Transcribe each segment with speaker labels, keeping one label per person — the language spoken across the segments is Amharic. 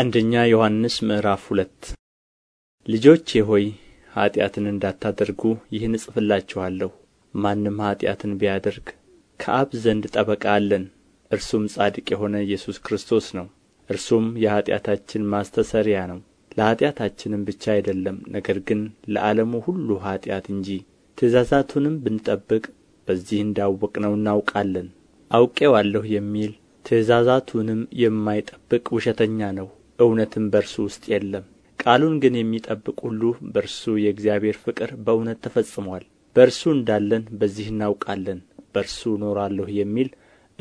Speaker 1: አንደኛ ዮሐንስ ምዕራፍ ሁለት ልጆቼ ሆይ ኃጢአትን እንዳታደርጉ ይህን እጽፍላችኋለሁ። ማንም ኃጢአትን ቢያደርግ ከአብ ዘንድ ጠበቃ አለን፣ እርሱም ጻድቅ የሆነ ኢየሱስ ክርስቶስ ነው። እርሱም የኃጢአታችን ማስተሰሪያ ነው፣ ለኃጢአታችንም ብቻ አይደለም፣ ነገር ግን ለዓለሙ ሁሉ ኃጢአት እንጂ። ትእዛዛቱንም ብንጠብቅ በዚህ እንዳወቅነው እናውቃለን። አውቄዋለሁ የሚል ትእዛዛቱንም የማይጠብቅ ውሸተኛ ነው እውነትም በእርሱ ውስጥ የለም ቃሉን ግን የሚጠብቅ ሁሉ በእርሱ የእግዚአብሔር ፍቅር በእውነት ተፈጽሟል። በእርሱ እንዳለን በዚህ እናውቃለን በእርሱ እኖራለሁ የሚል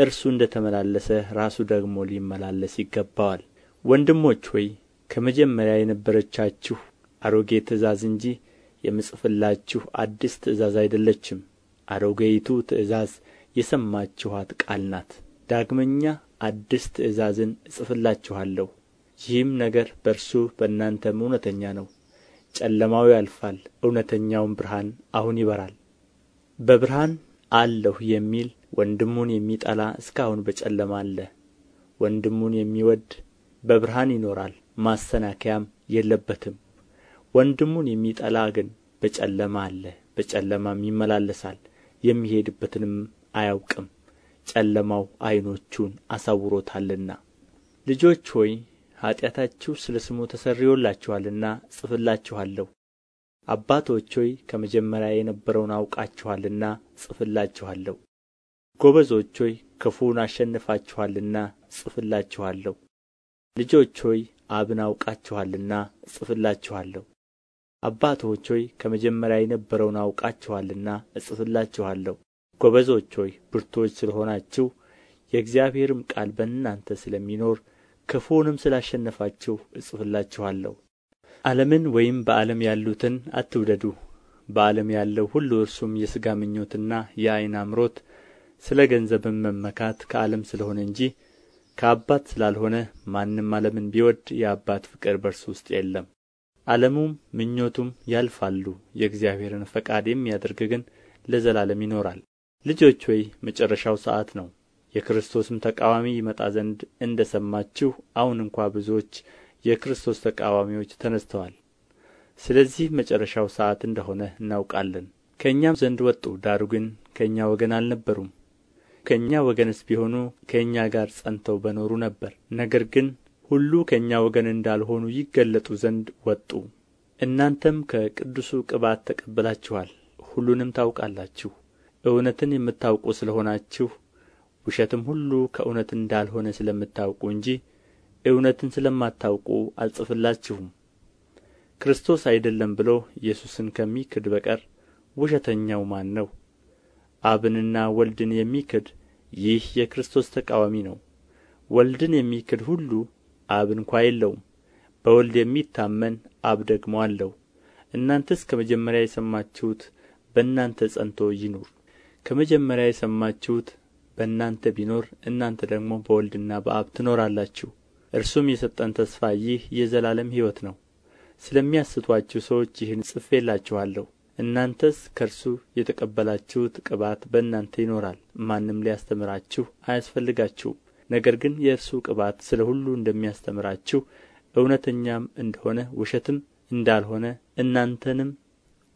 Speaker 1: እርሱ እንደ ተመላለሰ ራሱ ደግሞ ሊመላለስ ይገባዋል ወንድሞች ሆይ ከመጀመሪያ የነበረቻችሁ አሮጌ ትእዛዝ እንጂ የምጽፍላችሁ አዲስ ትእዛዝ አይደለችም አሮጌይቱ ትእዛዝ የሰማችኋት ቃል ናት ዳግመኛ አዲስ ትእዛዝን እጽፍላችኋለሁ ይህም ነገር በእርሱ በእናንተም እውነተኛ ነው ጨለማው ያልፋል እውነተኛውም ብርሃን አሁን ይበራል በብርሃን አለሁ የሚል ወንድሙን የሚጠላ እስከ አሁን በጨለማ አለ ወንድሙን የሚወድ በብርሃን ይኖራል ማሰናከያም የለበትም ወንድሙን የሚጠላ ግን በጨለማ አለ በጨለማም ይመላለሳል የሚሄድበትንም አያውቅም ጨለማው ዐይኖቹን አሳውሮታልና ልጆች ሆይ ኃጢአታችሁ ስለ ስሙ ተሰርዮላችኋልና ጽፍላችኋለሁ። አባቶች ሆይ ከመጀመሪያ የነበረውን አውቃችኋልና ጽፍላችኋለሁ። ጎበዞች ሆይ ክፉን አሸንፋችኋልና ጽፍላችኋለሁ። ልጆች ሆይ አብን አውቃችኋልና እጽፍላችኋለሁ አባቶች ሆይ ከመጀመሪያ የነበረውን አውቃችኋልና እጽፍላችኋለሁ ጎበዞች ሆይ ብርቶች ስለሆናችሁ የእግዚአብሔርም ቃል በእናንተ ስለሚኖር ክፉውንም ስላሸነፋችሁ እጽፍላችኋለሁ ዓለምን ወይም በዓለም ያሉትን አትውደዱ በዓለም ያለው ሁሉ እርሱም የሥጋ ምኞትና የዐይን አምሮት ስለ ገንዘብም መመካት ከዓለም ስለ ሆነ እንጂ ከአባት ስላልሆነ ማንም ዓለምን ቢወድ የአባት ፍቅር በእርሱ ውስጥ የለም። ዓለሙም ምኞቱም ያልፋሉ፣ የእግዚአብሔርን ፈቃድ የሚያደርግ ግን ለዘላለም ይኖራል። ልጆች ሆይ መጨረሻው ሰዓት ነው። የክርስቶስም ተቃዋሚ ይመጣ ዘንድ እንደ ሰማችሁ አሁን እንኳ ብዙዎች የክርስቶስ ተቃዋሚዎች ተነስተዋል። ስለዚህ መጨረሻው ሰዓት እንደ ሆነ እናውቃለን ከእኛም ዘንድ ወጡ ዳሩ ግን ከእኛ ወገን አልነበሩም ከእኛ ወገንስ ቢሆኑ ከእኛ ጋር ጸንተው በኖሩ ነበር ነገር ግን ሁሉ ከእኛ ወገን እንዳልሆኑ ይገለጡ ዘንድ ወጡ እናንተም ከቅዱሱ ቅባት ተቀብላችኋል ሁሉንም ታውቃላችሁ እውነትን የምታውቁ ስለ ሆናችሁ ውሸትም ሁሉ ከእውነት እንዳልሆነ ስለምታውቁ እንጂ እውነትን ስለማታውቁ አልጽፍላችሁም ክርስቶስ አይደለም ብሎ ኢየሱስን ከሚክድ በቀር ውሸተኛው ማን ነው አብንና ወልድን የሚክድ ይህ የክርስቶስ ተቃዋሚ ነው ወልድን የሚክድ ሁሉ አብ እንኳ የለውም በወልድ የሚታመን አብ ደግሞ አለው እናንተስ ከመጀመሪያ የሰማችሁት በእናንተ ጸንቶ ይኑር ከመጀመሪያ የሰማችሁት በእናንተ ቢኖር እናንተ ደግሞ በወልድና በአብ ትኖራላችሁ እርሱም የሰጠን ተስፋ ይህ የዘላለም ሕይወት ነው ስለሚያስቱአችሁ ሰዎች ይህን ጽፌላችኋለሁ እናንተስ ከእርሱ የተቀበላችሁት ቅባት በእናንተ ይኖራል ማንም ሊያስተምራችሁ አያስፈልጋችሁም ነገር ግን የእርሱ ቅባት ስለ ሁሉ እንደሚያስተምራችሁ እውነተኛም እንደሆነ ውሸትም እንዳልሆነ እናንተንም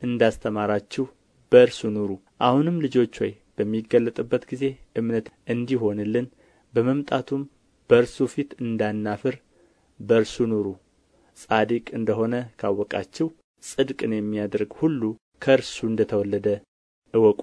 Speaker 1: እንዳስተማራችሁ በእርሱ ኑሩ አሁንም ልጆች ሆይ በሚገለጥበት ጊዜ እምነት እንዲሆንልን በመምጣቱም በእርሱ ፊት እንዳናፍር በእርሱ ኑሩ ጻድቅ እንደ ሆነ ካወቃችሁ ጽድቅን የሚያደርግ ሁሉ ከእርሱ እንደ ተወለደ እወቁ